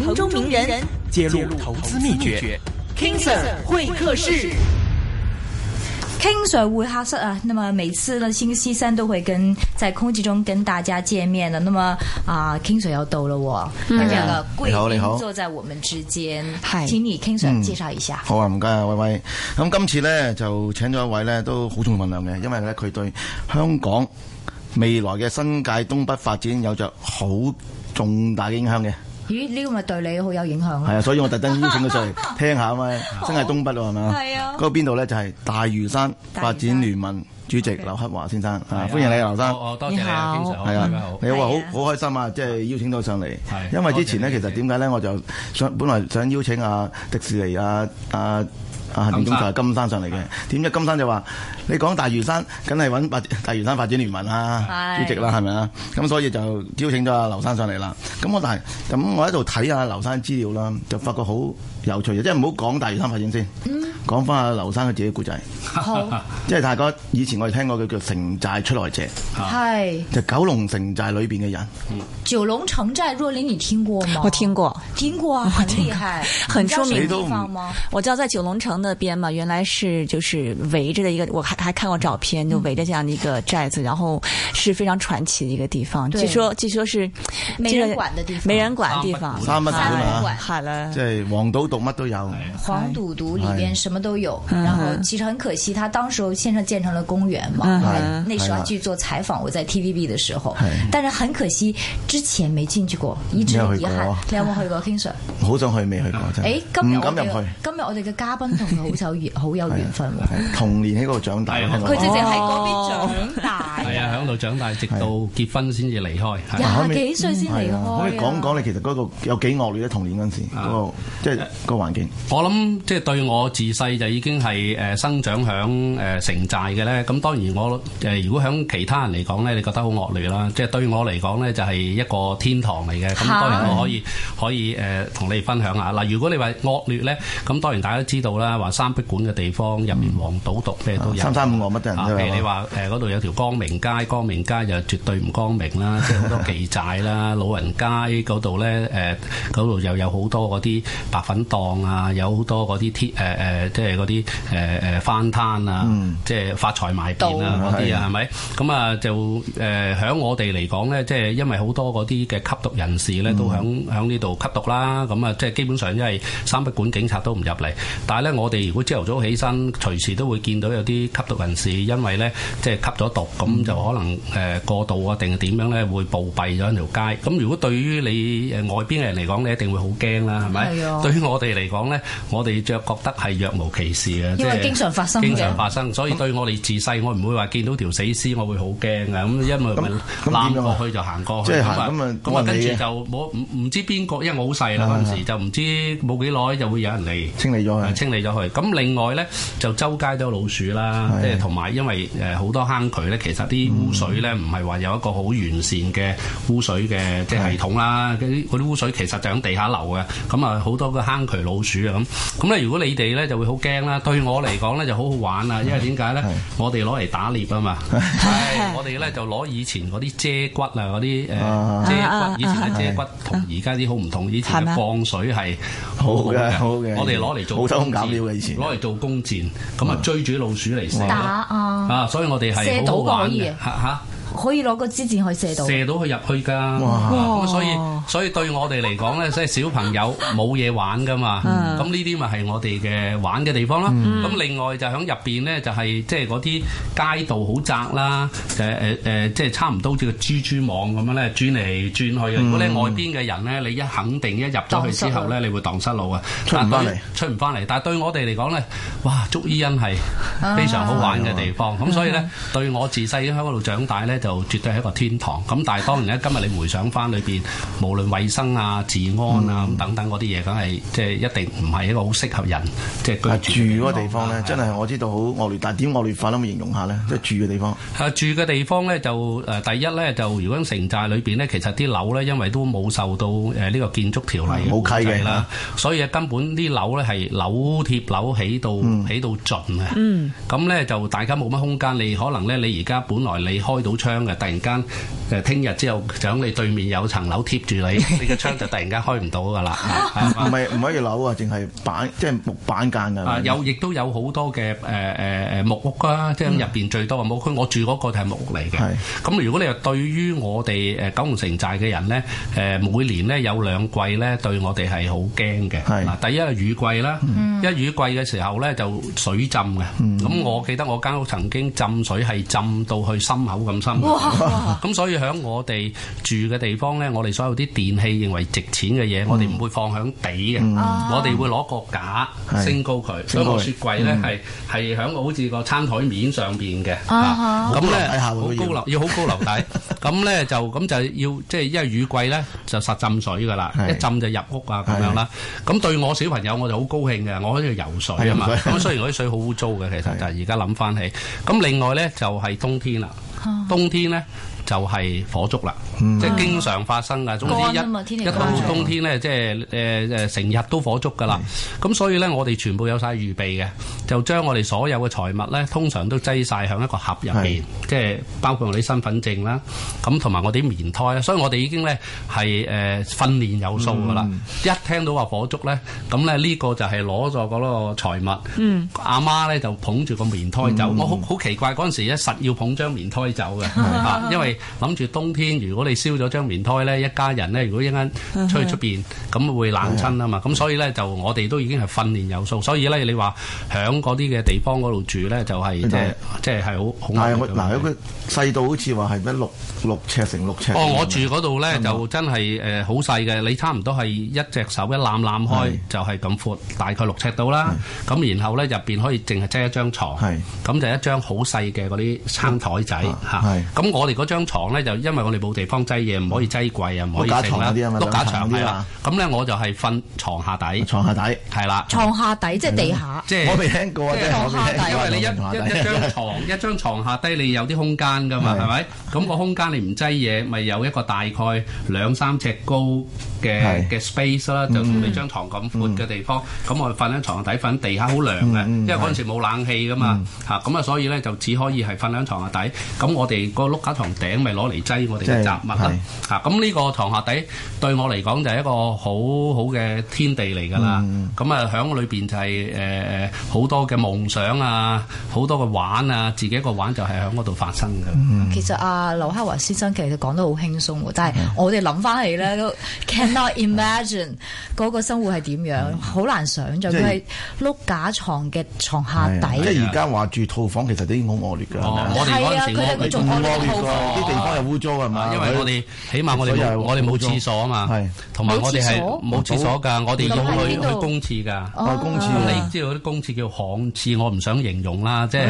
城中名人揭露投資秘訣，訣 King Sir 會客室，King Sir 會客室，King Sir, 會客室啊。那麼每次呢星期三都會跟在空氣中跟大家見面的。那麼啊 King Sir 又到了我，佢、嗯、你、嗯、個貴你好，你好，坐在我們之間，係，請你 King Sir 介紹一下。嗯、好啊，唔該啊，威威。咁今次呢，就請咗一位呢，都好重分量嘅，因為呢，佢對香港未來嘅新界東北發展有着好重大嘅影響嘅。咦，呢、這個咪對你好有影響咯？係啊，所以我特登邀請佢上嚟聽下啊嘛， 真係東北咯，係 咪啊？係啊。嗰邊度咧就係大嶼山發展聯盟主席，主席、okay. 劉克華先生，啊、歡迎你，劉生。哦哦，多謝啊，King Sir。係啊，大家好。你好，Sir, 好好、啊啊、開心啊！即、就、係、是、邀請到上嚟。因為之前呢，其實點解咧，我就想本來想邀請阿迪士尼、阿阿阿行政總裁金山上嚟嘅，點解金山就話。你講大嶼山，梗係揾大嶼山發展聯盟啦，Hi. 主席啦，係咪啊？咁所以就邀請咗阿劉生上嚟啦。咁我但係，咁我喺度睇下劉生資料啦，就發覺好有趣嘅。即係唔好講大嶼山發展先，講翻阿劉生佢自己個故仔。 好，即係大家以前我哋聽過佢叫城寨出來者，係就九龍城寨裏邊嘅人。九龍城寨，若琳，你聽過嗎？我聽過，聽過啊，很厲害， 很出名地方嗎？我知道在九龍城嗰邊嘛，原來是就是圍着一個我。還看過照片，就圍着這樣的一個寨子，然後是非常傳奇的一個地方。對據說，據說是，是沒人管的地方，沒人管的地方，啊啊、三不管，是了。即係黃賭毒乜都有，黃賭毒裏邊什麼都有。獨獨都有然後其實很可惜，他當時候現在建成了公園嘛。那時候去做採訪，我在 TVB 的時候，是是但是很可惜之前沒進去過，一直遺憾。沒有,去你有沒有去過？King Sir，好想去，未去過真哎，今日我們今日我哋嘅嘉賓同佢好有緣，好 有緣分、啊。童 年嗰個獎。佢直直喺嗰邊長大，係、哦、 啊，響度長大，直到結婚先至離開，廿幾、啊、歲先離開。可，可以講講你其實嗰個有幾惡劣嘅、啊、童年嗰陣時候，嗰即係個環境。我諗即係對我自細就已經係誒生長響誒城寨嘅咧。咁當然我誒、呃、如果響其他人嚟講咧，你覺得好惡劣啦。即、就、係、是、對我嚟講咧，就係、是、一個天堂嚟嘅。咁當然我可以、啊、可以誒同、呃、你分享下嗱、啊。如果你話惡劣咧，咁當然大家都知道啦，話三不管嘅地方入面，黃賭毒咩都有。三五乜，你話嗰度有條光明街，光明街就絕對唔光明啦，即係好多妓寨啦、 老人街嗰度咧嗰度又有好多嗰啲白粉檔啊，有好多嗰啲、呃、即係嗰啲誒誒番攤啊，嗯、即係發財賣變啊嗰啲啊，係咪？咁啊就誒，響、呃、我哋嚟講咧，即、就、係、是、因為好多嗰啲嘅吸毒人士咧，都響響呢度吸毒啦。咁啊，即係基本上因為三不管警察都唔入嚟，但係咧，我哋如果朝頭早起身，隨時都會見到有啲吸毒人。毒人士因為咧即係吸咗毒，咁就可能誒過度啊，定係點樣咧會暴斃咗喺條街。咁如果對於你誒外邊嘅人嚟講，你一定會好驚啦，係、嗯、咪？對於我哋嚟講咧，我哋就覺得係若無其事嘅。即係經常發生，經常發生，所以對我哋自細，我唔會話見到條死屍，我會好驚嘅。咁因為攬落去就行過去，咁啊，我跟住就冇唔唔知邊個，因為我好細啦嗰陣時就不，就唔知冇幾耐就會有人嚟清理咗佢。清理咗佢。咁另外咧就周街都有老鼠啦。即係同埋，因為誒好多坑渠咧，其實啲污水咧唔係話有一個好完善嘅污水嘅即係系統啦。嗰啲嗰啲污水其實就響地下流嘅。咁啊，好多個坑渠老鼠啊咁。咁咧，如果你哋咧就會好驚啦。對我嚟講咧就好好玩啊，因為點解咧？我哋攞嚟打獵啊嘛。係我哋咧就攞以前嗰啲遮骨啊，嗰啲誒遮骨，以前嘅遮骨同而家啲好唔同。以前嘅放水係好嘅，好嘅。我哋攞嚟做攞嚟做弓箭，咁啊追住啲老鼠嚟食。打啊！啊，所以我哋係射倒講嘢，嚇嚇可以攞個支箭去射到，射到佢入去㗎。哇！咁所以所以對我哋嚟講咧，即係小朋友冇嘢玩㗎嘛。咁呢啲咪係我哋嘅玩嘅地方囉。咁、嗯、另外就喺入邊咧、就係，就係即係嗰啲街道好窄啦。即、呃、係、呃、差唔多似個蜘蛛網咁樣咧，轉嚟轉去。嗯、如果咧外邊嘅人咧，你一肯定一入咗去之後咧，你會蕩失路啊。出唔翻嚟，出唔翻嚟。但係對我哋嚟講咧，哇！捉依恩係非常好玩嘅地方。咁、啊、所以咧，對我自細喺嗰度長大咧。嗯嗯咧就絕對係一個天堂，咁但係當然咧，今日你回想翻裏邊，無論衞生啊、治安啊等等嗰啲嘢，梗係即係一定唔係一個好適合人即係住嗰個地方咧，真係我知道好惡劣。但係點惡劣法咧？咁形容下咧，即係住嘅地方。啊，住嘅地方咧就誒，第一咧就如果城寨裏邊咧，其實啲樓咧因為都冇受到誒呢個建築條例冇規例啦，所以根本啲樓咧係樓貼樓起到起到盡嘅。嗯，咁咧就大家冇乜空間，你可能咧你而家本來你開到槍嘅突然間。誒聽日之後就響你對面有層樓貼住你，你嘅窗就突然間開唔到噶啦。唔係，唔可以樓啊，淨係板即係木板間噶。有亦都有好多嘅誒誒誒木屋啦，即係入邊最多嘅木屋。我住嗰個就係木屋嚟嘅。咁如果你話對於我哋誒九龍城寨嘅人咧，誒每年咧有兩季咧對我哋係好驚嘅。係嗱，第一係雨季啦，因為雨季嘅時候咧就水浸嘅。咁我記得我間屋曾經浸水係浸到去心口咁深。咁所以。響我哋住嘅地方咧，我哋所有啲電器認為值錢嘅嘢，我哋唔會放響地嘅，我哋會攞個架升高佢。所以個雪櫃咧係係響個好似個餐台面上邊嘅，咁咧好高樓，要好高樓底。咁咧就咁就係要即係，因為雨季咧就實浸水噶啦，一浸就入屋啊咁樣啦。咁對我小朋友我就好高興嘅，我喺度游水啊嘛。咁雖然嗰啲水好污糟嘅，其實就係而家諗翻起。咁另外咧就係冬天啦，冬天咧。就係、是、火燭啦、嗯，即係經常發生噶。總之一天天一到冬天咧、嗯，即係、呃、成日都火燭噶啦。咁、嗯、所以咧，我哋全部有晒預備嘅，就將我哋所有嘅財物咧，通常都擠晒喺一個盒入面，是即係包括的、啊、我啲身份證啦，咁同埋我啲棉胎啦。所以我哋已經咧係、呃、訓練有數噶啦、嗯。一聽到話火燭咧，咁咧呢個就係攞咗嗰個財物。嗯、阿媽咧就捧住個棉胎走。嗯、我好好奇怪嗰陣時咧，實要捧張棉胎走嘅、嗯啊、 因為諗住冬天如果你燒咗張棉胎呢，一家人呢，如果一陣出去是是出邊，咁會冷親啊嘛。咁所以呢，就我哋都已經係訓練有素，所以呢，你話響嗰啲嘅地方嗰度住呢、就是就是，就係即係好恐。係細到好似話係咩六六尺乘六尺。我住嗰度呢，就真係誒好細嘅，你差唔多係一隻手一攬攬開就係咁闊，是是大概六尺到啦。咁然後呢，入邊可以淨係遮一張床，咁就一張好細嘅嗰啲餐台仔吓。咁、啊、我哋嗰張。床咧就因為我哋冇地方擠嘢，唔可以擠櫃啊，唔可以整啊，碌架牀啲啊嘛，碌架牀啲啊。咁咧我就係瞓牀下底，牀下底係啦，牀下底即係地下，即係我未聽過啊！即係因為你一一張牀，一張牀下底你有啲空間噶嘛，係咪？咁個空間你唔擠嘢，咪有一個大概兩三尺高嘅嘅 space 啦，就同你張牀咁闊嘅地方。咁我瞓喺牀下底瞓，地下好涼嘅，因為嗰陣時冇冷氣噶嘛嚇。咁啊，所以咧就只可以係瞓喺牀下底。咁我哋個碌架牀頂，咪攞嚟擠我哋嘅雜物啦吓，咁呢個床下底對我嚟講就係一個好好嘅天地嚟㗎啦。咁、嗯、啊，響裏邊就係、是、好、呃、多嘅夢想啊，好多嘅玩啊，自己一個玩就係喺嗰度發生嘅、嗯。其實啊，劉克華先生其實講得好輕鬆喎、啊，但係我哋諗翻起咧，can not imagine 嗰、那個生活係點樣，好難想象佢係碌架床嘅床下底。即係而家話住套房，其實都已經好惡劣㗎、哦。我啊，佢喺嗰仲可地方又污糟係嘛？因為我哋起碼我哋冇我哋冇廁所啊嘛，同埋我哋係冇廁所㗎。我哋要去去公廁㗎，公、啊、廁，你知道啲公廁叫巷廁，我唔想形容啦，啊、即係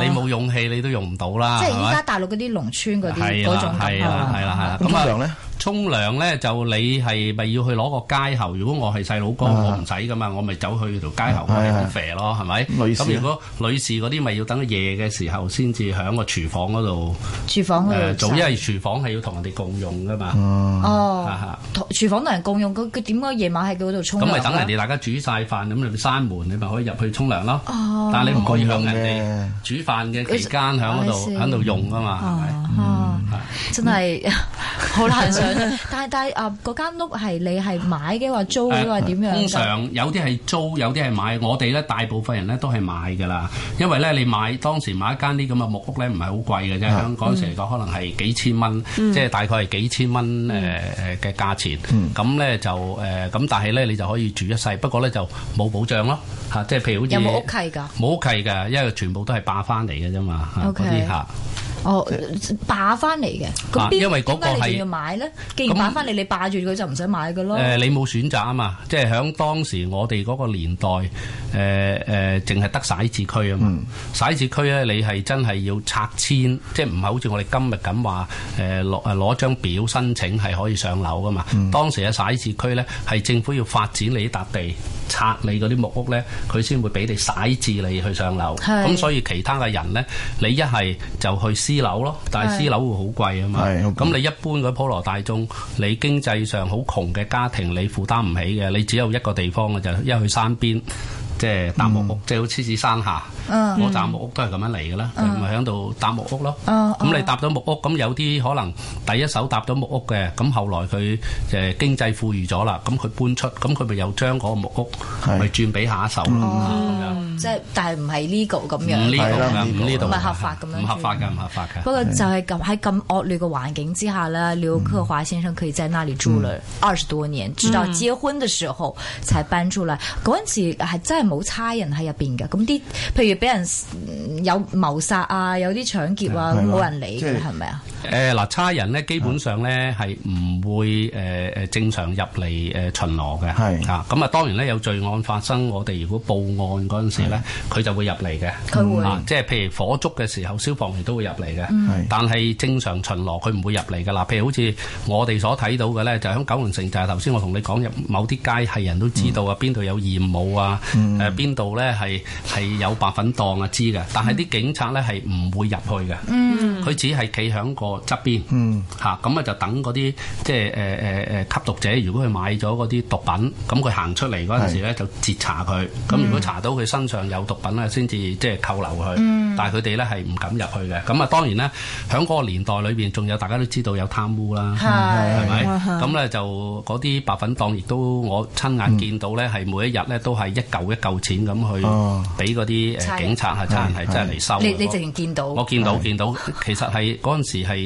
你冇勇氣你都用唔到啦， 即係而家大陸嗰啲農村嗰啲嗰種係啦，係啦，係啦。咁啊？沖涼咧就你係咪要去攞個街喉？如果我係細佬哥，啊、我唔使噶嘛，我咪走去條街喉好肥咯，係、啊、咪？咁如果女士嗰啲咪要等到夜嘅時候先至喺個廚房嗰度。廚房嗰度、呃、做，因為廚房係要同人哋共用噶嘛、嗯。哦，嚇、啊！廚房同人共用，佢佢點解夜晚喺佢嗰度沖涼？咁咪等人哋大家煮晒飯咁，你閂門，你咪可以入去沖涼咯。但係你唔可以向人哋煮飯嘅期間喺嗰度喺度用噶嘛。哦。真係好難想， 但係但係啊，嗰間屋係你係買嘅話，租嘅話點樣？通常有啲係租，有啲係買嘅。我哋咧大部分人咧都係買噶啦，因為咧你買，當時買一間啲咁嘅木屋咧，唔係好貴嘅啫。香港成時嚟講可能係幾千蚊，即、嗯、係、就是、大概係幾千蚊誒誒嘅價錢。咁、嗯、咧、嗯、就誒咁、呃，但係咧你就可以住一世。不過咧就冇保障咯吓、啊，即係譬如好似有冇屋契噶，冇屋契噶，因為全部都係霸翻嚟嘅啫嘛。吓、啊。Okay. 嗰啲吓。哦，霸翻嚟嘅。咁點解你仲要買咧？既然霸翻嚟，你霸住佢就唔使買嘅咯。誒、呃，你冇選擇啊嘛，即係響當時我哋嗰個年代，誒誒淨係得徙置區啊嘛。徙、嗯、置區咧，你係真係要拆遷，即係唔係好似我哋今日咁話誒攞誒攞張表申請係可以上樓噶嘛、嗯？當時嘅徙置區咧，係政府要發展你笪地，拆你嗰啲木屋咧，佢先會俾你徙置，你去上樓。咁所以其他嘅人咧，你一係就去、C 私樓咯，但係私樓會好貴啊嘛。咁你一般嗰啲普羅大眾，你經濟上好窮嘅家庭，你負擔唔起嘅。你只有一個地方嘅，就一去山邊，即係搭木屋，即係好似似山下。我、uh, 搭、um, 木屋都係咁樣嚟噶啦，咪喺度搭木屋咯。咁、uh, uh, 你搭咗木屋，咁有啲可能第一手搭咗木屋嘅，咁後來佢誒經濟富裕咗啦，咁佢搬出，咁佢咪又將嗰個木屋咪轉俾下一手啦。咁樣即係，但係唔係呢個咁樣。唔呢度係呢度合法咁樣。唔合法嘅，唔合法嘅。不過就係咁喺咁惡劣嘅環境之下呢，劉克華先生可以喺那裏住了二十、嗯、多年，直到結婚嘅時候才搬出來。嗰、嗯、陣時係真係冇差人喺入邊嘅。咁啲譬如。俾人有謀殺啊，有啲搶劫啊，冇人理佢係咪啊？就是是誒、呃、嗱，差人咧基本上咧係唔會誒誒正常入嚟誒巡邏嘅，係啊，咁啊當然咧有罪案發生，我哋如果報案嗰陣時咧，佢就會入嚟嘅，佢會，啊、即係譬如火燭嘅時候，消防員都會入嚟嘅，但係正常巡邏佢唔會入嚟嘅。嗱、啊，譬如好似我哋所睇到嘅咧，就響九龍城，就係頭先我同你講入某啲街係人都知道、嗯、啊，邊度有義務啊，誒邊度咧係係有白粉檔啊知嘅，但係啲警察咧係唔會入去嘅，佢、嗯、只係企響個。側邊，嚇、嗯、咁啊！就等嗰啲即係誒誒誒吸毒者，如果佢買咗嗰啲毒品，咁佢行出嚟嗰陣時咧，就截查佢。咁、嗯、如果查到佢身上有毒品咧，先至即係扣留佢、嗯。但係佢哋咧係唔敢入去嘅。咁啊，當然咧，響嗰個年代裏邊仲有大家都知道有貪污啦，係咪？咁咧就嗰啲白粉檔亦都我親眼見到咧，係、嗯、每一日咧都係一舊一舊錢咁去俾嗰啲警察啊，差人真係真係嚟收。你你直情見到？我見到見到，見到其實係嗰陣時係。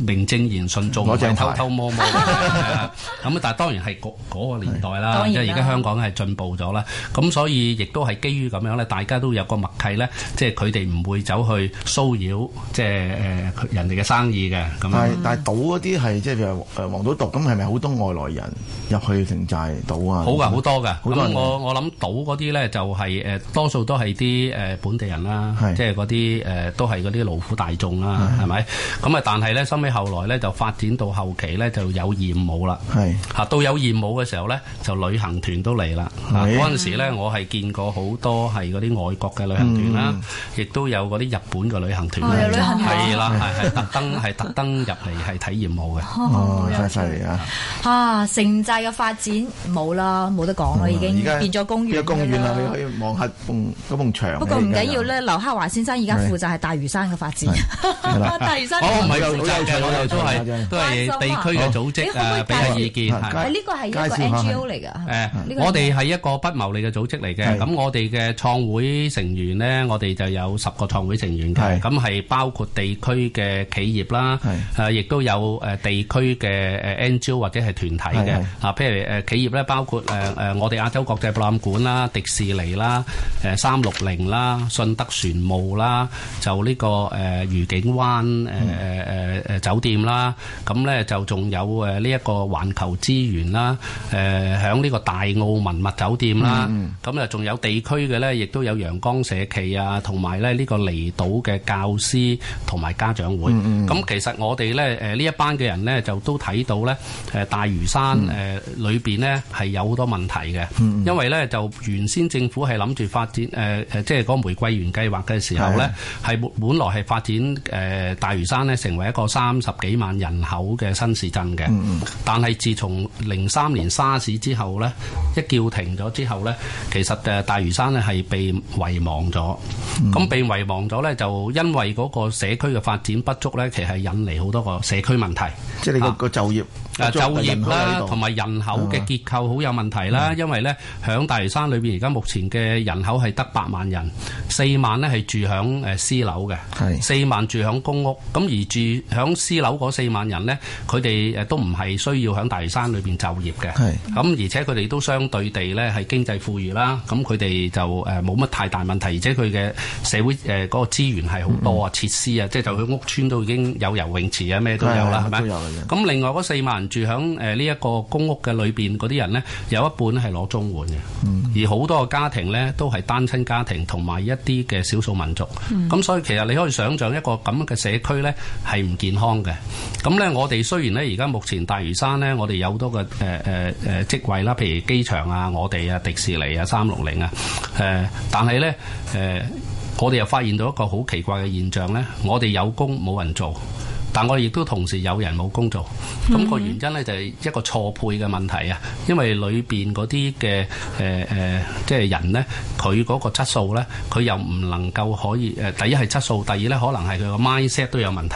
名正言順做，唔好偷偷摸摸。咁 但係，當然係嗰個年代啦。當然。而家香港係進步咗啦，咁所以亦都係基於咁樣咧，大家都有一個默契咧，即係佢哋唔會走去騷擾，即係誒人哋嘅生意嘅。係、嗯。但係賭嗰啲係即係譬如黃賭毒，咁係咪好多外來人入去城寨賭啊？好㗎，好多㗎。我我諗賭嗰啲咧就係、是、誒多數都係啲誒本地人啦，即係嗰啲誒都係嗰啲勞苦大眾啦，係咪？咁啊，但係咧咩？後來咧就發展到後期咧就有艷舞啦。係嚇，到有艷舞嘅時候咧，就旅行團都嚟啦。嗰陣時咧，我係見過好多係嗰啲外國嘅旅行團啦，亦都有嗰啲日本嘅旅行團。係啊，旅行團係啦，係係特登係特登入嚟係睇艷舞嘅。哦，犀利啊！嚇，城寨嘅發展冇啦，冇得講啦，已經變咗公園啦。你可以望下嗰埲牆。不過唔緊要咧，劉克華先生而家負責係大嶼山嘅發展。大嶼山哦，唔係就好有。我哋都係都係地區嘅組織啊，俾下意見，係呢個係一個 NGO 嚟嘅。誒，我哋係一個不牟利嘅組織嚟嘅。咁我哋嘅創會成員咧，我哋就有十個創會成員嘅。咁係包括地區嘅企業啦，誒，亦都有誒地區嘅誒 NGO 或者係團體嘅。啊，譬如誒企業咧，包括誒誒我哋亞洲國際博覽館啦、迪士尼啦、誒三六零啦、順德船務啦，就呢個誒愉景灣誒誒誒誒，酒店啦，咁咧就仲有誒呢一個環球資源啦，誒響呢個大澳文物酒店啦，咁啊仲有地區嘅咧，亦都有陽光社企啊，同埋咧呢個離島嘅教師同埋家長會咁、mm -hmm. 其實我哋咧誒呢一班嘅人咧，就都睇到咧誒大嶼山誒、mm -hmm. 呃、裏邊咧係有好多問題嘅，mm -hmm. 因為咧就原先政府係諗住發展誒誒即係嗰個玫瑰園計劃嘅時候咧，係、mm -hmm. 本來係發展誒、呃、大嶼山咧成為一個山。三十幾萬人口嘅新市鎮嘅，但係自從零三年沙士之後呢，一叫停咗之後呢，其實誒大嶼山咧係被遺忘咗。咁、嗯、被遺忘咗呢，就因為嗰個社區嘅發展不足呢，其實係引嚟好多個社區問題。即係你個個就業。就業啦，同埋人口嘅結構好有問題啦。因為咧，響大嶼山裏邊，而家目前嘅人口係得八萬人，四萬咧係住響誒私樓嘅，四萬住響公屋。咁而住響私樓嗰四萬人咧，佢哋都唔係需要響大嶼山裏邊就業嘅，咁而且佢哋都相對地咧係經濟富裕啦。咁佢哋就誒冇乜太大問題，而且佢嘅社會誒嗰個資源係好多啊，設、嗯嗯、施啊，即係就佢、是、屋邨都已經有游泳池啊，咩都有啦，係咪？都有嘅。咁另外嗰四萬人。住喺誒呢一個公屋嘅裏邊嗰啲人呢，有一半咧係攞綜援嘅，而好多個家庭呢，都係單親家庭同埋一啲嘅少數民族，咁、嗯、所以其實你可以想象一個咁嘅社區呢，係唔健康嘅。咁呢，我哋雖然呢，而家目前大嶼山呢，我哋有好多嘅誒誒誒職位啦，譬如機場啊、我哋啊、迪士尼啊、三六零啊，誒，但係呢，誒，我哋又發現到一個好奇怪嘅現象呢，我哋有工冇人做。但我亦都同時有人冇工作，咁、那個原因呢就係一個錯配嘅問題啊，因為裏面嗰啲嘅誒誒，即係人呢，佢嗰個質素呢，佢又唔能夠可以誒，第一係質素，第二呢，可能係佢個 mindset 都有問題。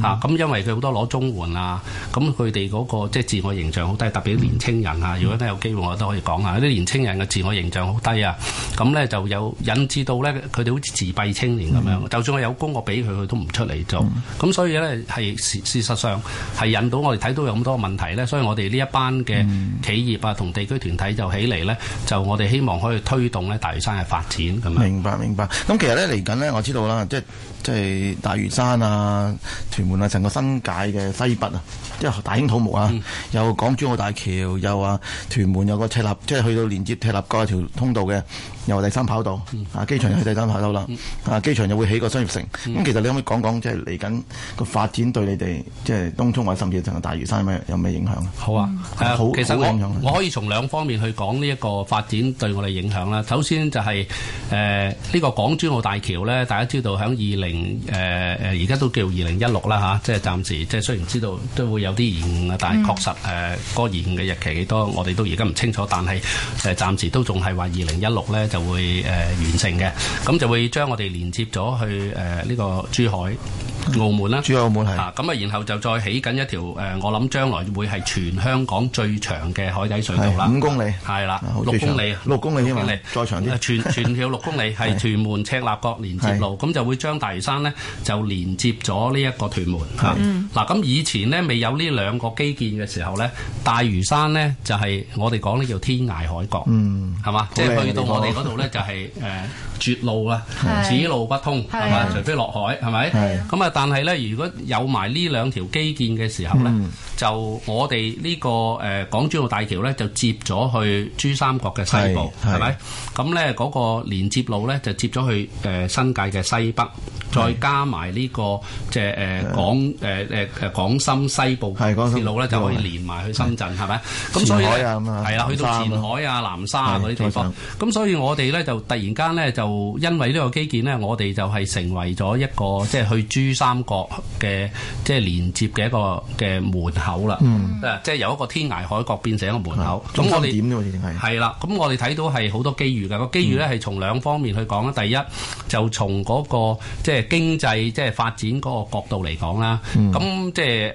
嚇、嗯！咁、啊、因為佢好多攞綜援啊，咁佢哋嗰個即係自我形象好低，特別年青人啊。嗯、如果咧有機會，我都可以講下，有啲年青人嘅自我形象好低啊。咁呢就有引致到呢，佢哋好似自閉青年咁樣、嗯。就算我有工，我俾佢，佢都唔出嚟做。咁、嗯嗯、所以呢，係事實上係引到我哋睇到有咁多問題呢。所以我哋呢一班嘅企業啊，同地區團體就起嚟呢，就我哋希望可以推動呢大嶼山嘅發展咁樣，明白明白。咁其實呢，嚟緊呢，我知道啦，即係。即、就、係、是、大嶼山啊、屯門啊、成個新界嘅西北啊，即、就、係、是、大興土木啊、嗯，有港珠澳大橋，又話、啊、屯門有個赤鱲，即、就、係、是、去到連接赤鱲架條通道嘅，又第三跑道，嗯、啊機場又去第三跑道啦、嗯，啊機場又會起個商業城。咁、嗯啊、其實你可唔可以講講即係嚟緊個發展對你哋即係東涌或者甚至成個大嶼山有咩有咩影響啊？好啊，好、啊、其實我可以從兩方面去講呢一個發展對我哋影響啦。首先就係誒呢個港珠澳大橋咧，大家知道響二零。誒、呃、誒，而家都叫二零一六啦吓，即係暫時，即係雖然知道都會有啲延誤啊，但係確實誒，個延誤嘅日期幾多，我哋都而家唔清楚。但係誒、呃，暫時都仲係話二零一六呢就會誒、呃、完成嘅，咁就會將我哋連接咗去誒呢、呃這個珠海、澳門啦。珠海澳門係咁啊，然後就再起緊一條誒、呃，我諗將來會係全香港最長嘅海底隧道啦。五公里係啦，六公里，六公里呢六公，公，公再長啲、啊。全全條六公里係屯 門赤鱲角連接路，咁就會將大。山、嗯、咧就連接咗呢一個屯門嚇，嗱、嗯、咁、啊、以前咧未有呢兩個基建嘅時候咧，大嶼山咧就係、是、我哋講咧叫天涯海角，嗯，係嘛？即係去到我哋嗰度咧就係、是、誒。呃 絕路啦，此路不通係嘛？除非落海係咪？咁啊，但係咧，如果有埋呢兩條基建嘅時候咧，就我哋呢個誒港珠澳大橋咧，就接咗去珠三角嘅西部係咪？咁咧嗰個連接路咧就接咗去誒新界嘅西北，再加埋呢個即係誒港誒誒誒廣深西部鐵路咧，就可以連埋去深圳係咪？咁所以係啦，去到前海啊、南沙啊嗰啲地方，咁所以我哋咧就突然間咧就。就因為呢個基建呢，我哋就係成為咗一個即係去珠三角嘅即係連接嘅一個嘅門口啦。嗯，即係由一個天涯海角變成一個門口。咁我哋點定係係啦。咁我哋睇到係好多機遇嘅個機遇呢，係從兩方面去講啦、嗯。第一就從嗰、嗰個即係經濟即係發展嗰個角度嚟講啦。咁、嗯、即係、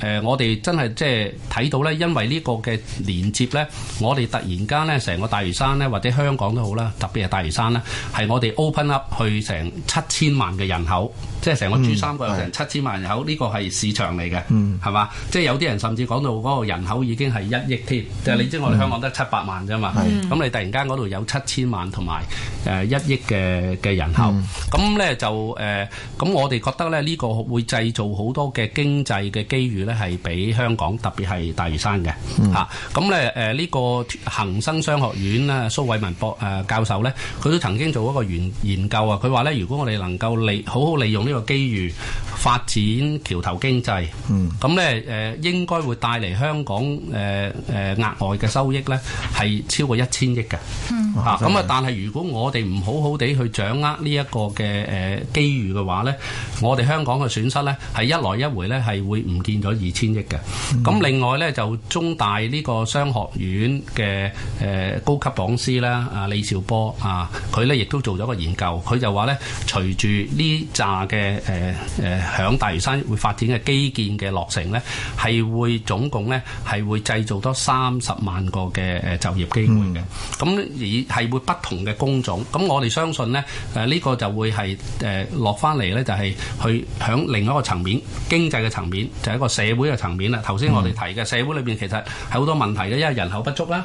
呃、我哋真係即係睇到呢，因為呢個嘅連接呢，我哋突然間呢，成個大嶼山呢，或者香港都好啦，特別係大嶼山啦係我哋 open up 去成七千萬嘅人口。即係成個珠三角有成七千萬人口，呢個係市場嚟嘅，係、嗯、嘛？即係有啲人甚至講到嗰個人口已經係一億添、嗯。即就你知道我哋香港得七百萬啫嘛，咁、嗯嗯、你突然間嗰度有七千萬同埋誒一億嘅嘅人口，咁、嗯、呢、嗯、就誒，咁、呃、我哋覺得咧呢個會製造好多嘅經濟嘅機遇呢係畀香港特別係大嶼山嘅嚇。咁咧誒呢個恒生商學院咧蘇偉文博、呃、教授呢，佢都曾經做一個研研究啊。佢話呢，如果我哋能夠利好好利用。呢、這個機遇發展橋頭經濟嗯，咁咧誒應該會帶嚟香港誒誒額外嘅收益咧，係超過一千億嘅。嗯嚇咁啊！但係如果我哋唔好好哋去掌握呢一個嘅誒機遇嘅話咧，我哋香港嘅損失咧係一來一回咧係會唔見咗二千億嘅。咁、嗯、另外咧就中大呢個商學院嘅誒高級講師啦，啊李兆波啊，佢咧亦都做咗個研究，佢就話咧隨住呢扎嘅。誒誒誒響大嶼山會發展嘅基建嘅落成咧，係會總共咧係會製造多三十萬個嘅誒就業機會嘅。咁而係會不同嘅工種，咁我哋相信咧，誒、啊、呢、這個就會係誒、呃、落翻嚟咧，就係、是、去響另一個層面經濟嘅層面，就係、是、一個社會嘅層面啦。頭先我哋提嘅社會裏邊其實係好多問題嘅，因為人口不足啦，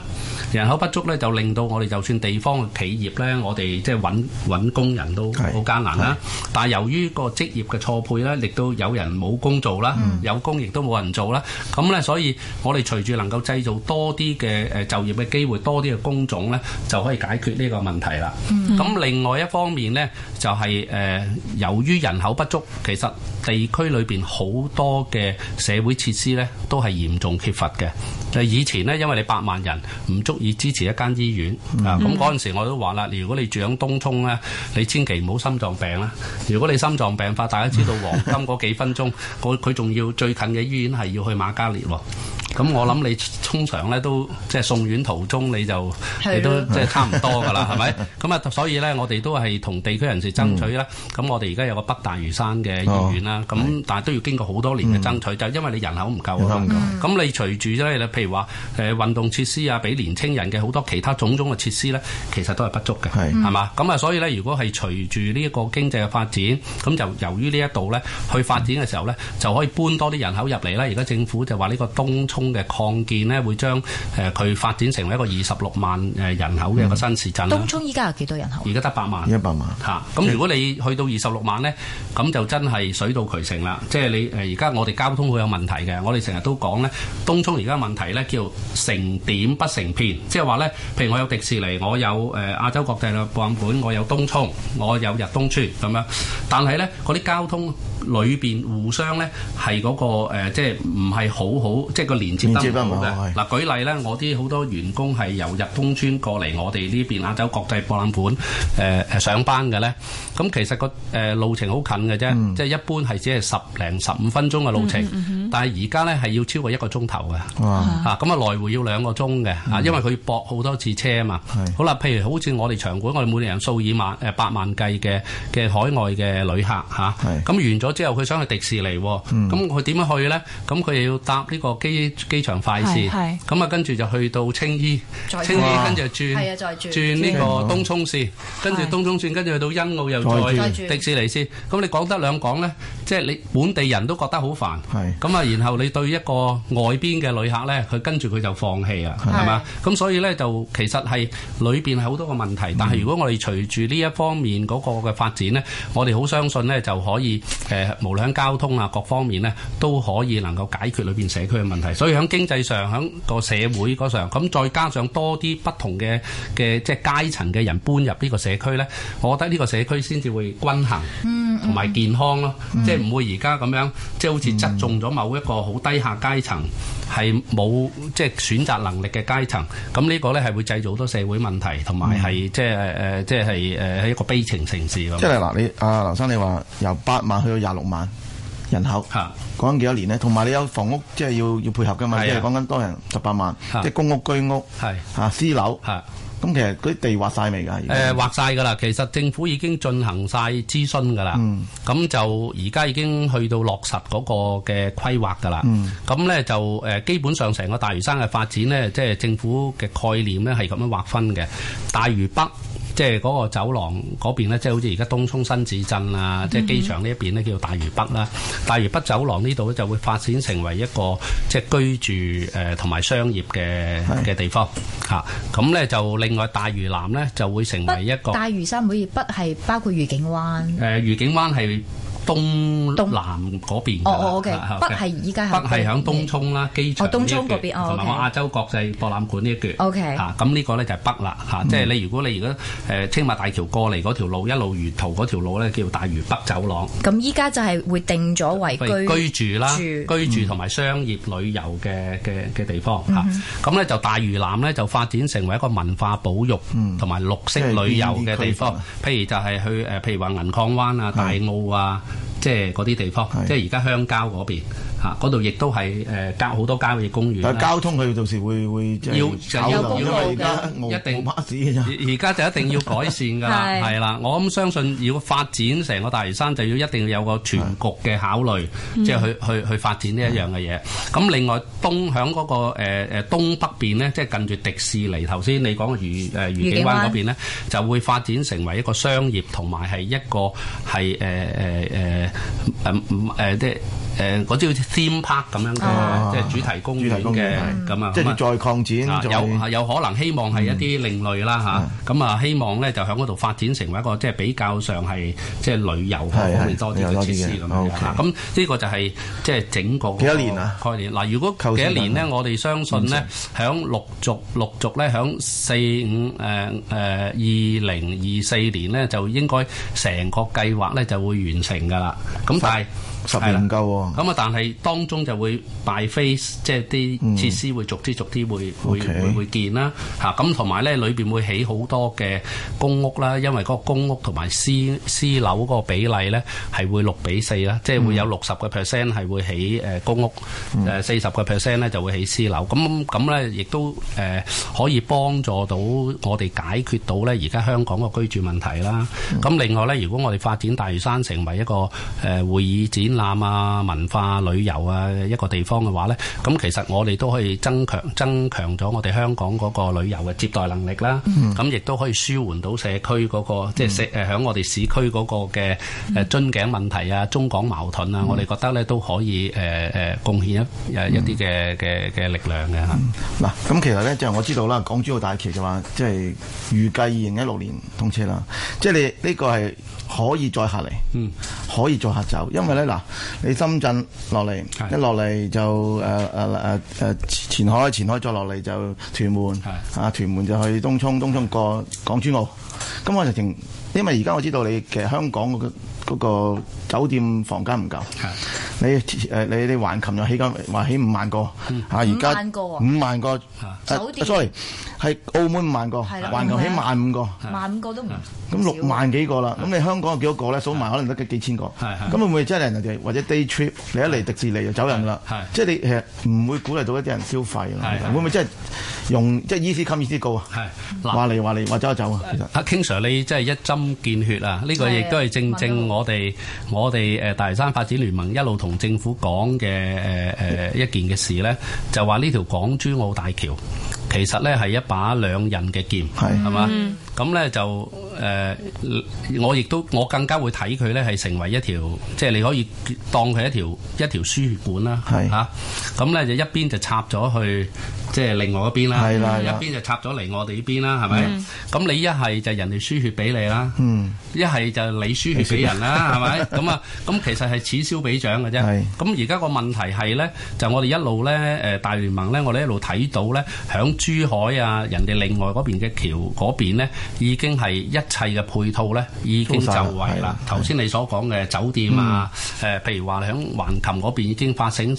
人口不足咧就令到我哋就算地方嘅企業咧，我哋即係揾揾工人都好艱難啦。但係由於個。個職業嘅錯配啦，亦都有人冇工做啦，有工亦都冇人做啦。咁咧，所以我哋隨住能夠製造多啲嘅誒就業嘅機會，多啲嘅工種咧，就可以解決呢個問題啦。咁另外一方面咧，就係、是、誒由於人口不足，其實，地區裏面好多嘅社會設施呢，都係嚴重缺乏嘅。以前呢，因為你百萬人唔足以支持一間醫院啊。咁嗰陣時我都話啦，如果你住喺東涌咧，你千祈唔好心臟病啦。如果你心臟病發，大家知道黃金嗰幾分鐘，佢 仲要最近嘅醫院係要去瑪嘉烈喎。咁、嗯、我諗你通常咧都即係、就是、送院途中你就你都即係、就是、差唔多㗎啦，係 咪？咁啊，所以咧我哋都係同地區人士爭取啦。咁、嗯、我哋而家有個北大嶼山嘅醫院啦，咁、哦、但係都要經過好多年嘅爭取、嗯，就因為你人口唔夠啊。咁、嗯、你隨住咧，譬如話誒、呃、運動設施啊，俾年青人嘅好多其他種種嘅設施咧，其實都係不足嘅，係嘛？咁啊，所以咧，如果係隨住呢一個經濟嘅發展，咁就由於呢一度咧去發展嘅時候咧，就可以搬多啲人口入嚟啦。而家政府就話呢個東涌，嘅擴建咧，會將誒佢發展成為一個二十六萬誒人口嘅一個新市鎮。嗯、東涌依家有幾多人口？而家得八萬，一百萬嚇。咁、嗯、如果你去到二十六萬呢，咁就真係水到渠成啦。即、就、係、是、你誒，而家我哋交通會有問題嘅。我哋成日都講呢，東涌而家問題呢，叫成點不成片，即係話呢，譬如我有迪士尼，我有誒亞洲國際啦、博覽館，我有東涌，我有日東村咁樣。但係呢，嗰啲交通裏邊互相呢、那個，係嗰個即係唔係好好，即、就、係、是、個年，唔接觸。嗱舉例咧，我啲好多員工係由入東村過嚟我哋呢邊亞洲國際博覽館誒誒、呃、上班嘅咧，咁其實個誒路程好近嘅啫，即、嗯、係一般係只係十零十五分鐘嘅路程，嗯嗯嗯、但係而家咧係要超過一個鐘頭嘅，嚇咁啊，來回要兩個鐘嘅，嚇、嗯、因為佢要駁好多次車啊嘛、嗯，好啦，譬如好似我哋場館，我哋每年人數以萬誒百萬計嘅嘅海外嘅旅客嚇，咁、啊、完咗之後佢想去迪士尼，咁佢點樣去咧？咁佢要搭呢個機機場快線，咁啊跟住就去到青衣，青衣跟、啊、住轉轉呢個東涌線，跟住東涌轉，跟住去到欣澳又再，再迪士尼先。咁你講得兩講呢，即、就、係、是、你本地人都覺得好煩，咁啊，然後你對一個外邊嘅旅客呢，佢跟住佢就放棄啊，係嘛？咁所以呢，就其實係裏邊係好多個問題，但係如果我哋隨住呢一方面嗰個嘅發展呢、嗯，我哋好相信呢，就可以誒，無論交通啊各方面呢，都可以能夠解決裏邊社區嘅問題。佢響經濟上，喺個社會嗰上，咁再加上多啲不同嘅嘅即係階層嘅人搬入呢個社區呢，我覺得呢個社區先至會均衡，同埋健康咯、嗯嗯，即係唔會而家咁樣，即係好似側重咗某一個好低下階層係冇即係選擇能力嘅階層，咁呢個呢，係會製造好多社會問題，同埋係即係誒、呃、即係一個悲情城市咁。即係嗱，你啊，劉生你話由八萬去到廿六萬。人口嚇講緊幾多年呢？同埋你有房屋即係、就是、要要配合嘅嘛？啊、即係講緊多人十八萬，啊、即係公屋居屋係嚇、啊、私樓嚇。咁、啊、其實嗰啲地劃晒未㗎？誒劃晒㗎啦。其實政府已經進行晒諮詢㗎啦。咁、嗯、就而家已經去到落實嗰個嘅規劃㗎啦。咁、嗯、咧就誒基本上成個大嶼山嘅發展咧，即、就、係、是、政府嘅概念咧係咁樣劃分嘅。大嶼北。即係嗰個走廊嗰邊咧，即係好似而家東涌新市鎮啊，即係機場呢一邊呢叫大嶼北啦。大嶼北走廊呢度就會發展成為一個即係居住誒同埋商業嘅嘅地方嚇。咁呢就另外大嶼南呢就會成為一個大嶼山，每業北係包括愉景灣。誒，愉景灣係。東南嗰邊嘅，北係依家，北係響東涌啦，機場呢一橛，同埋個亞洲國際博覽館呢一橛。嚇，咁呢個咧就係北啦，嚇，即係你如果你如果誒青馬大橋過嚟嗰條路，一路沿途嗰條路咧叫大嶼北走廊。咁依家就係會定咗為居居住啦，居住同埋商業旅遊嘅嘅嘅地方嚇。咁咧就大嶼南咧就發展成為一個文化保育同埋綠色旅遊嘅地方，譬如就係去誒，譬如話銀礦灣啊、大澳啊。即係嗰啲地方，是即係而家鄉郊嗰邊。嗱，嗰度亦都係誒隔好多郊野公園。但係交通佢到時會會要，要要而家，而家就一定要改善㗎，係啦。我咁相信，如果發展成個大嶼山，就要一定要有個全局嘅考慮，即係去去去發展呢一樣嘅嘢。咁另外東響嗰個誒誒東北邊咧，即係近住迪士尼。頭先你講嘅愉誒愉景灣嗰邊咧，就會發展成為一個商業同埋係一個係誒誒誒誒誒啲。誒嗰啲好似 theme park 咁樣嘅、哦，即係主題公園嘅咁啊，即係再擴展，啊啊、有有可能希望係一啲另類啦嚇。咁、嗯啊,嗯、啊，希望咧就喺嗰度發展成為一個即係比較上係即係旅遊、嗯、多啲嘅設施咁樣咁呢個就係、是、即係整個幾多年啊概念。嗱、啊，如果幾多年呢，啊、我哋相信呢，響陸續陸續咧，響四五誒、呃、二零二四年呢，就應該成個計劃咧就會完成㗎啦。咁但係係啦，唔夠喎。咁啊，是但係當中就會擺飛，即係啲設施會逐啲逐啲會、嗯、會會、okay. 啊、會建啦。吓，咁同埋咧，裏邊會起好多嘅公屋啦，因為個公屋同埋私私樓個比例咧係會六比四啦，即係會有六十個 percent 係會起誒公屋，誒四十個 percent 咧就會起私樓，咁咁咧亦都誒可以幫助到我哋解決到咧而家香港個居住問題啦。咁、嗯、另外咧，如果我哋發展大嶼山成為一個誒、呃、會議展，南啊，文化旅遊啊，一個地方嘅話呢，咁其實我哋都可以增強增強咗我哋香港嗰個旅遊嘅接待能力啦。咁亦都可以舒緩到社區嗰、嗰個、嗯、即係市誒喺我哋市區嗰個嘅誒樽頸問題啊、嗯、中港矛盾啊、嗯，我哋覺得呢都可以誒誒、呃、貢獻一誒一啲嘅嘅嘅力量嘅嚇。嗱、嗯，咁其實呢，就係、我知道啦，港珠澳大橋就話即係預計二零一六年通車啦，即、就、係、是、你呢個係。可以再下嚟、嗯，可以再下走，因為咧嗱，你深圳落嚟，一落嚟就誒誒誒誒前海，前海再落嚟就屯門，啊屯門就去東涌，東涌過港珠澳。咁我就停，因為而家我知道你其實香港嗰個酒店房間唔夠，你誒你你橫琴又起緊，話起五萬個，嚇而家五萬個,五萬個、啊、酒店、啊、，sorry 係澳門五萬個，環球起萬五個，萬五個都唔。咁六萬幾個啦，咁你香港有幾多個咧？數埋可能得幾千個。咁會唔會真係人哋或者 day trip 你一嚟迪士尼就走人啦？即係你其實唔會鼓勵到一啲人消費啦。是的是的是的，會唔會真係用即係 easy come easy go 啊？話嚟話嚟話走就走啊！其實阿 King Sir，你真係一針見血啊！呢、呢個亦都係正正我哋我哋大嶼山發展聯盟一路同政府講嘅、呃、一件嘅事咧，就話呢條港珠澳大橋其實咧係一把兩刃嘅劍，係嘛？咁、mm-hmm、咧就。誒、呃，我亦都我更加會睇佢咧，係成為一條，即係你可以當佢一條一條輸血管啦，係吓，咁咧就一邊就插咗去。即係另外一邊啦，一邊就插咗嚟我哋呢邊啦，係咪？咁你一係就人哋輸血俾你啦，一係就你輸血俾人啦，係咪？咁啊，咁其實係此消彼長嘅啫。咁而家個問題係咧，就我哋一路咧誒大聯盟咧，我哋一路睇到咧，響珠海啊，人哋另外嗰邊嘅橋嗰邊咧，已經係一切嘅配套咧，已經就位啦。頭先你所講嘅酒店啊，誒譬如話響橫琴嗰邊已經發醒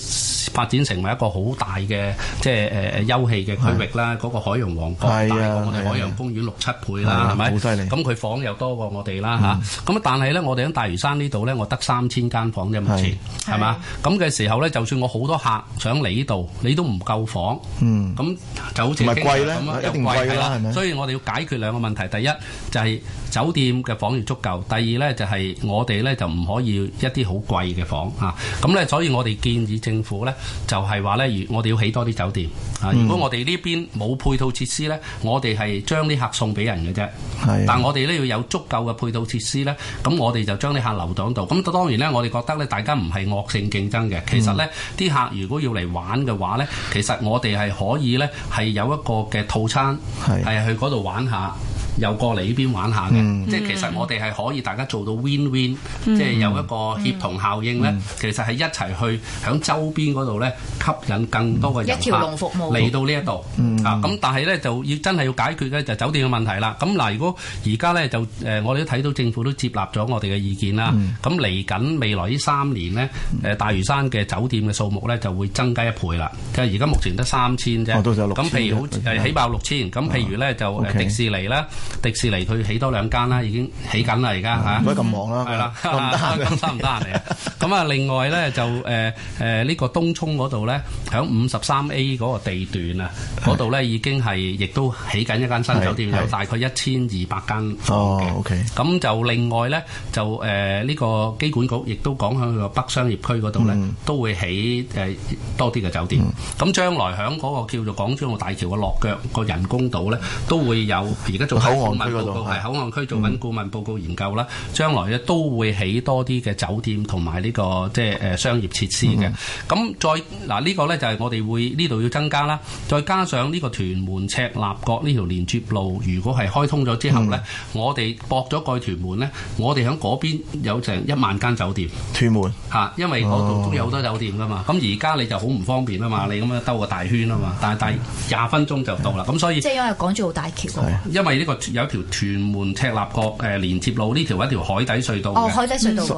發展成為一個好大嘅即係誒誒。休憩嘅區域啦，嗰、那個海洋王國，大過我哋海洋公園六七倍啦，係咪、啊？好犀利！咁佢房又多過我哋啦，嚇、嗯！咁、啊、但係呢，我哋喺大嶼山呢度呢，我得三千間房啫，目前係嘛？咁嘅、啊、時候呢，就算我好多客想嚟呢度，你都唔夠房。咁、嗯、就好似唔一貴啦，所以我哋要解決兩個問題，第一就係、是、酒店嘅房要足夠，第二呢，就係、是、我哋呢，就唔可以一啲好貴嘅房嚇。咁、啊、呢、啊，所以我哋建議政府呢，就係話呢，我哋要起多啲酒店嚇。啊。如果我哋呢邊冇配套設施呢，我哋係將啲客送俾人嘅啫。但我哋呢要有足夠嘅配套設施呢，咁我哋就將啲客留喺度。咁當然呢，我哋覺得呢大家唔係惡性競爭嘅。其實呢啲客如果要嚟玩嘅話呢，其實我哋係可以呢，係有一個嘅套餐係去嗰度玩下。係。係。又過嚟呢邊玩下嘅、嗯，即係其實我哋係可以大家做到 win win，、嗯、即係有一個協同效應咧、嗯。其實係一齊去響周邊嗰度咧，吸引更多嘅一條龍服務嚟到呢一度啊。咁、嗯嗯、但係咧就要真係要解決咧就酒店嘅問題啦。咁嗱，如果而家咧就誒我哋都睇到政府都接納咗我哋嘅意見啦。咁嚟緊未來呢三年咧，誒大嶼山嘅酒店嘅數目咧就會增加一倍啦。即係而家目前得三千啫，咁、哦、譬如好誒起爆六千，咁譬如咧就迪士尼啦。Okay, 迪士尼佢起多兩間啦，已經起緊啦，而家吓，唔使咁忙啦，係 啦，咁得唔得閒咁啊，另外呢，就誒誒呢個東涌嗰度呢，響五十三 A 嗰個地段啊，嗰度呢已經係亦都起緊一間新酒店，有大概一千二百間房 O K. 咁就另外呢，就誒呢、呃這個機管局亦都講響佢個北商業區嗰度呢，都會起誒多啲嘅酒店。咁、嗯、將、嗯嗯嗯、來響嗰個叫做港珠澳大橋嘅落腳個人工島呢，都會有而家仲口岸區做緊顧問報告研究啦，將、嗯、來咧都會起多啲嘅酒店同埋呢個即係商業設施嘅。咁、嗯嗯、再嗱呢、這個咧就係我哋會呢度要增加啦，再加上呢個屯門赤鱲角呢條連接路，如果係開通咗之後呢、嗯，我哋駁咗過屯門呢，我哋響嗰邊有成一萬間酒店。屯門吓，因為嗰度都有好多酒店噶嘛。咁而家你就好唔方便啊嘛、嗯，你咁樣兜個大圈啊嘛，但係第廿分鐘就到啦。咁所以即係因為港珠澳大橋因為呢、這個。有條屯門赤鱲角誒連接路，呢條係一條海底隧道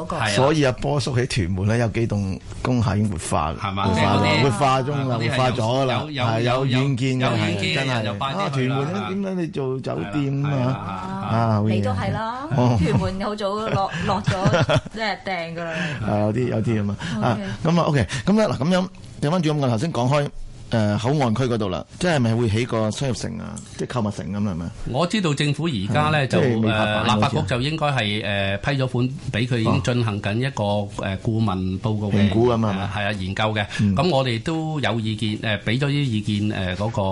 嘅，所以阿波叔喺屯門咧有幾棟工廈已經活化，係嘛？即係啲活化中啦，活化咗㗎啦，係有遠見。又真係啊，屯門咧點解你做酒店啊？你都係啦，屯門好早落落咗，即係掟㗎啦，係啊，有啲有啲啊嘛啊，咁啊 OK，咁咧嗱，咁樣轉翻轉頭先講開。誒、呃、口岸區嗰度啦，即係咪會起個商業城啊，即係購物城咁啦，係咪？我知道政府而家咧就、呃、立法局就應該係誒批咗款俾佢，已經進行緊一個顧問報告嘅評估啊嘛，係、嗯、啊、嗯嗯、研究嘅。咁、嗯、我哋都有意見誒，俾咗啲意見嗰、呃那個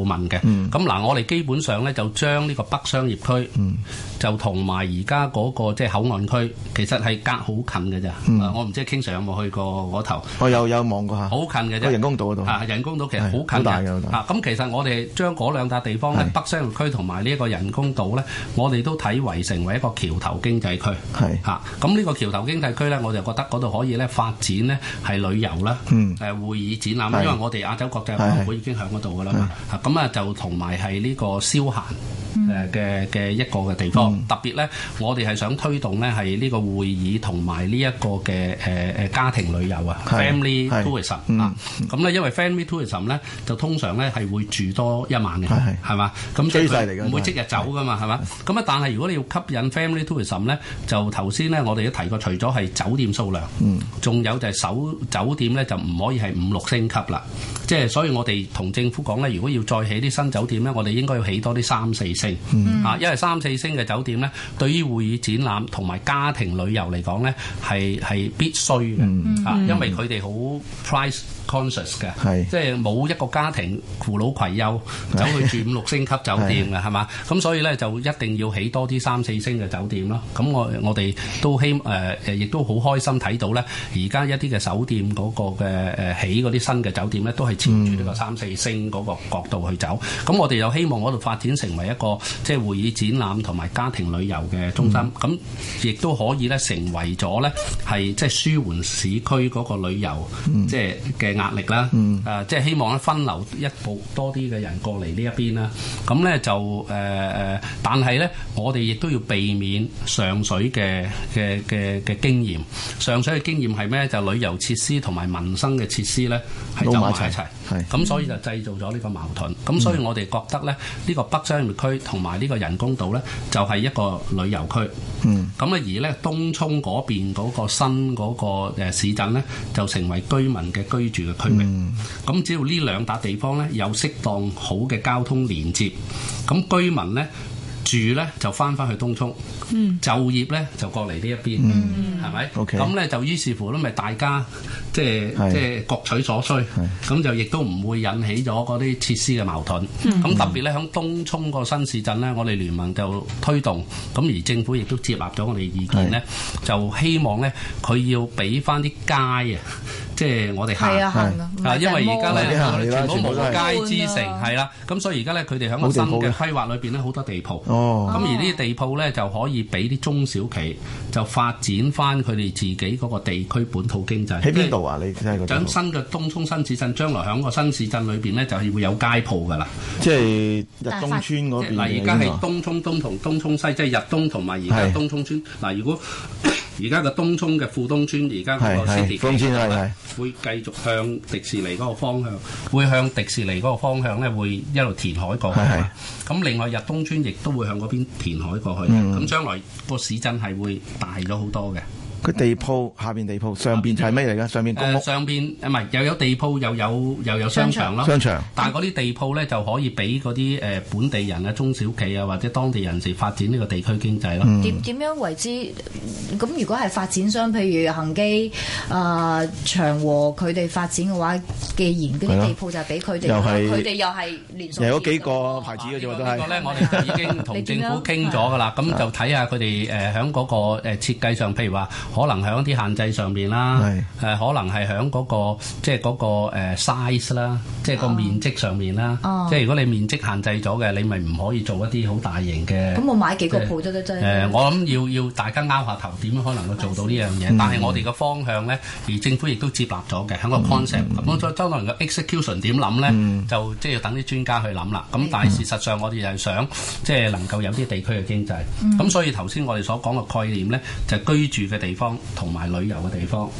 顧問嘅。咁、嗯、嗱、呃，我哋基本上咧就將呢個北商業區，嗯、就同埋而家嗰個即係、就是、口岸區，其實係隔好近嘅咋、嗯啊。我唔知 King Sir 有冇去過嗰頭，我有有望過下，好近嘅啫、啊，人工島嗰度人工。都其實好近嘅。咁、啊、其實我哋將嗰兩笪地方咧，北商業區同埋呢一個人工島咧，我哋都睇為成為一個橋頭經濟區嚇。咁呢、啊、個橋頭經濟區咧，我就覺得嗰度可以咧發展咧係旅遊啦，誒、嗯呃、會議展覽，因為我哋亞洲國際博覽會已經響度噶啦嘛。咁啊，就同埋係呢個消閒誒嘅嘅一個嘅地方，嗯、特別咧我哋係想推動咧係呢是這個會議同埋呢一個嘅誒誒家庭旅遊啊，family tourism 啊。咁、嗯、咧因為 family tourism 咧就通常咧係會住多一晚嘅，係係係嘛？咁即係唔會即日走噶嘛，係嘛？咁啊，但係如果你要吸引 family tourism 咧，就頭先咧我哋都提過，除咗係酒店數量，仲有、嗯、就係首酒店咧就唔可以係五六星級啦。即係、就係、所以我哋同政府講咧，如果要再起啲新酒店咧，我哋應該要起多啲三四星啊、嗯，因為三四星嘅酒店咧，對於會議展覽同埋家庭旅遊嚟講咧係係必須啊、嗯，因為佢哋好 price conscious 嘅，係即係。冇一個家庭扶老攜幼走去住五六星級酒店嘅係嘛？咁所以咧就一定要起多啲三四星嘅酒店咯。咁我我哋都希誒誒，亦、呃、都好開心睇到咧，而家一啲嘅、啊、酒店嗰個嘅誒起嗰啲新嘅酒店咧，都係朝住呢個三四星嗰個角度去走。咁、嗯、我哋又希望嗰度發展成為一個即係、就是、會議展覽同埋家庭旅遊嘅中心。咁、嗯、亦都可以咧成為咗咧係即係舒緩市區嗰個旅遊，即係嘅壓力啦。啊即係。呃就是希望咧分流一步多啲嘅人過嚟呢一邊啦，咁咧就誒誒、呃，但係咧我哋亦都要避免上水嘅嘅嘅嘅經驗。上水嘅經驗係咩？就旅遊設施同埋民生嘅設施咧係攪埋一齊齊，係咁，所以就製造咗呢個矛盾。咁、嗯、所以我哋覺得咧，呢、這個北商業區同埋呢個人工島咧，就係、是、一個旅遊區嗯。咁啊而咧東涌嗰邊嗰個新嗰、那個誒、呃、市鎮咧，就成為居民嘅居住嘅區域。嗯。咁只要呢兩笪地方呢，有適當好嘅交通連接，咁居民呢，住呢，就翻翻去東涌，就業呢、嗯 okay，就過嚟呢一邊，係咪？咁呢，就於是乎咧，咪大家即係即係各取所需，咁就亦都唔會引起咗嗰啲設施嘅矛盾。咁、嗯嗯、特別呢，響東涌個新市鎮呢，我哋聯盟就推動，咁而政府亦都接納咗我哋意見呢，就希望呢，佢要俾翻啲街啊！即係我哋行係啊，行啊！因為而家咧，啊、我全部冇街之城，係啦，咁、啊啊、所以而家咧，佢哋喺個新嘅規劃裏邊咧，好多地鋪。哦，咁而呢啲地鋪咧，就可以俾啲中小企就發展翻佢哋自己嗰個地區本土經濟。喺邊度啊？你即係嗰度。新嘅東涌新市鎮，將來喺個新市鎮裏邊咧，就係會有街鋪噶啦。即係日東村嗰邊。嗱，而家係東涌東同東涌西，即係日東同埋而家東涌村。嗱，如果而家嘅東涌嘅富東村，而家個迪士尼，會繼續向迪士尼嗰個方向，會向迪士尼嗰個方向咧，會一路填海過去。咁另外，日東村亦都會向嗰邊填海過去。咁、嗯、將來個市鎮係會大咗好多嘅。佢地鋪下邊地鋪上邊就係咩嚟噶？上面，公屋上邊唔係又有地鋪又有又有,有,有商場咯。商場，但係嗰啲地鋪咧就可以俾嗰啲誒本地人咧、中小企啊或者當地人士發展呢個地區經濟咯。點、嗯、點樣為之？咁如果係發展商，譬如恒基啊、祥和佢哋發展嘅話，既然嗰啲地鋪就係俾佢哋，佢哋又係連鎖，有幾個牌子嘅啫、就是。幾、啊這個咧、這個，我哋已經同 政府傾咗噶啦，咁就睇下佢哋誒喺嗰個誒設計上，譬如話。可能響啲限制上面啦，誒可能係響、嗰個即係嗰個誒 size 啦、啊啊，即係個面積上面啦，即係如果你面積限制咗嘅，你咪唔可以做一啲好大型嘅。咁、啊就是、我買幾個鋪得得啫。誒、呃、我諗要要大家拗下頭，點樣可能去做到呢樣嘢？但係我哋嘅方向咧，而政府亦都接納咗嘅，響個 concept 咁、嗯嗯嗯。咁再周到嘅 execution 點諗咧？就即係要等啲專家去諗啦。咁但係事實上我就是，我哋又係想即係能夠有啲地區嘅經濟。咁、嗯嗯、所以頭先我哋所講嘅概念咧，就係、居住嘅地方。方同埋旅遊嘅地方，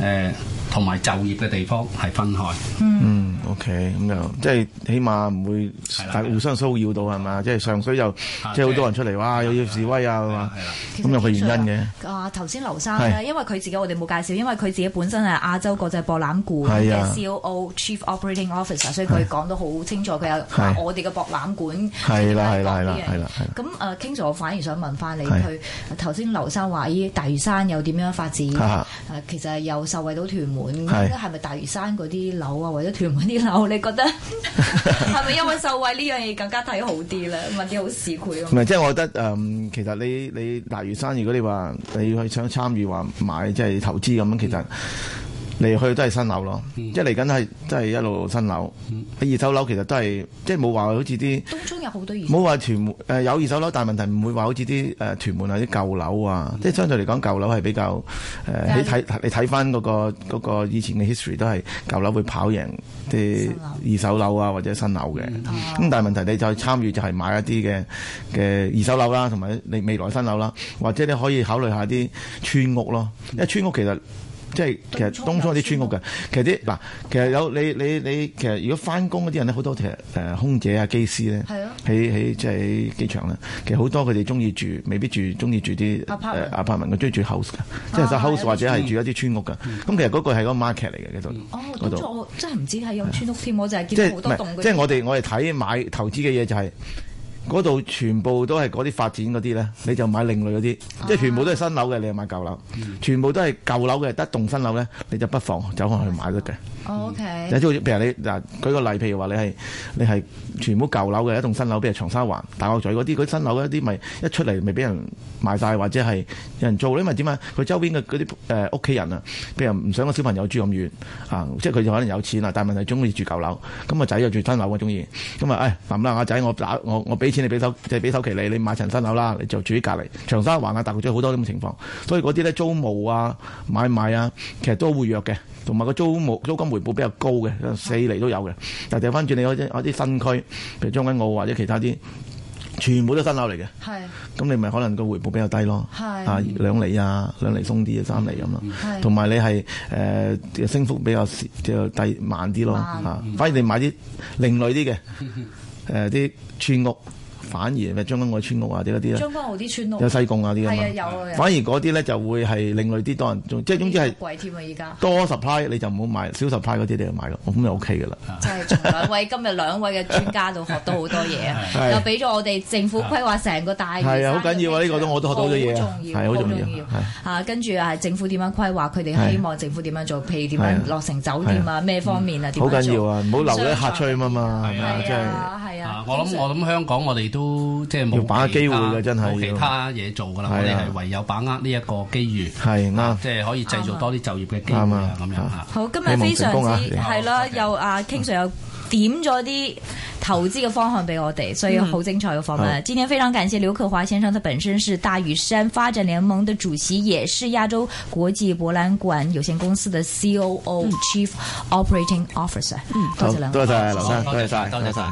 誒、欸。同埋就業嘅地方係分開，嗯嗯。嗯，OK，咁樣即係起碼唔會大家互相騷擾到係嘛？即係、就是、上水又即係好多人出嚟，哇！又要示威啊嘛。係啦，咁有個原因嘅。啊，頭先劉生，因為佢自己我哋冇介紹，因為佢自己本身係亞洲國際博覽館嘅 COO、Chief Operating Officer，所以佢講得好清楚。佢有話我哋嘅博覽館係啦係啦係啦係啦。咁 King Sir，我反而想問翻你，佢頭先劉生話，咦，大嶼山又點樣發展？其實又受惠到屯。係，係咪大嶼山嗰啲樓啊，或者屯門啲樓，你覺得係咪 因為受惠呢樣嘢，更加睇好啲咧？問啲好事佢咁。唔係，即係我覺得，嗯，其實你你大嶼山，如果你話你要去想參與話買，即係投資咁樣，其實。嚟去都係新樓咯。嗯，即係嚟緊係都係一路新樓。嗯。二手樓其實都係即係冇話好似啲，冇話屯門誒有二手樓，但係問題唔會話好似啲誒屯門啊啲舊樓啊，嗯、即係相對嚟講舊樓係比較誒、呃就係。你睇你睇翻嗰個嗰、嗰個、以前嘅 history 都係舊樓會跑贏啲二手樓啊，或者新樓嘅。咁、嗯嗯、但係問題你就係參與就係買一啲嘅嘅二手樓啦，同埋你未來新樓啦，或者你可以考慮下啲村屋咯，因為村屋其實。嗯即係其實東涌啲村屋嘅，其實啲嗱，其實有你你你，其實如果翻工嗰啲人咧，好多其實誒、呃、空姐啊、機師咧，喺喺喺機場咧，其實好多佢哋中意住，未必住，中意住啲阿拍文佢中意住 house 㗎、啊，即係實 house 或者係住一啲村屋㗎。咁、啊嗯、其實嗰個係個 market 嚟嘅嗰度。哦，東涌真係唔知係有村屋添、啊，我就係見到好多棟。即係我哋我哋睇買投資嘅嘢就係、是。嗰度全部都係嗰啲發展嗰啲咧，你就買另類嗰啲、啊，即係全部都係新樓嘅，你又買舊樓，嗯、全部都係舊樓嘅，得一棟新樓咧，你就不妨走開去買得嘅。O、嗯、K。譬如你嗱舉個例，譬如話你係你係全部舊樓嘅，一棟新樓，譬如長沙灣、大角咀嗰啲，嗰啲新樓嗰啲咪一出嚟咪俾人賣晒，或者係有人做咧，咪點解佢周邊嘅嗰啲誒屋企人啊，譬如唔想個小朋友住咁遠啊，即係佢就可能有錢啊，但係問題中意住舊樓，咁啊仔又住新樓，我中意，咁啊誒，諗唔諗仔，我打我我俾。你俾首，即係俾首期利，你買層新樓啦，你就住喺隔離。長沙灣啊、大角咀好多咁嘅情況，所以嗰啲咧租務啊、買賣啊，其實都活躍嘅。同埋個租務租金回報比較高嘅，四厘都有嘅。係。但掉翻轉你嗰啲新區，譬如將軍澳或者其他啲，全部都係新樓嚟嘅。係。咁你咪可能個回報比較低咯。係。啊，兩厘啊，兩厘鬆啲啊，三厘咁咯。係。同埋你係誒、呃、升幅比較低慢啲咯。反而你買啲另類啲嘅誒啲村屋。反而咪將軍澳村屋啊啲嗰啲咧，將軍澳啲村屋有西貢啊啲啊，反而嗰啲咧就會係另類啲多人，即係總之係貴添啊！而家多 supply 你就唔好買，少 supply 嗰啲你就買咯，咁就 OK 嘅啦。 就係從兩位今日兩位嘅專家度學到好多嘢，又俾咗我哋政府規劃成個大係啊！好緊要啊！呢、呢個都我都學到咗嘢啊！好重要，好重要，啊重要啊啊。跟住啊，政府點樣規劃？佢哋希望政府點樣做？譬如點樣落成酒店啊？咩方面啊？點好緊要啊！唔好留喺客吹啊嘛！係啊係啊！我諗我諗香港我哋。就是都即係冇把握機會嘅，真係冇其他嘢做噶啦，我哋係唯有把握呢一個機遇，啊、即係可以製造多啲就業嘅機會咁、啊、樣吓、啊。好，今日非常之係啦，又啊，King Sir 又點咗啲投資嘅方向俾我哋，所以好精彩嘅訪問，嗯。今天非常感謝劉克華先生，佢本身是大嶼山發展聯盟的主席，也是亞洲國際博覽館有限公司的 COO，嗯、Chief Operating Officer。嗯，多謝兩位，多謝劉生，多謝多謝。多謝多謝多謝多謝。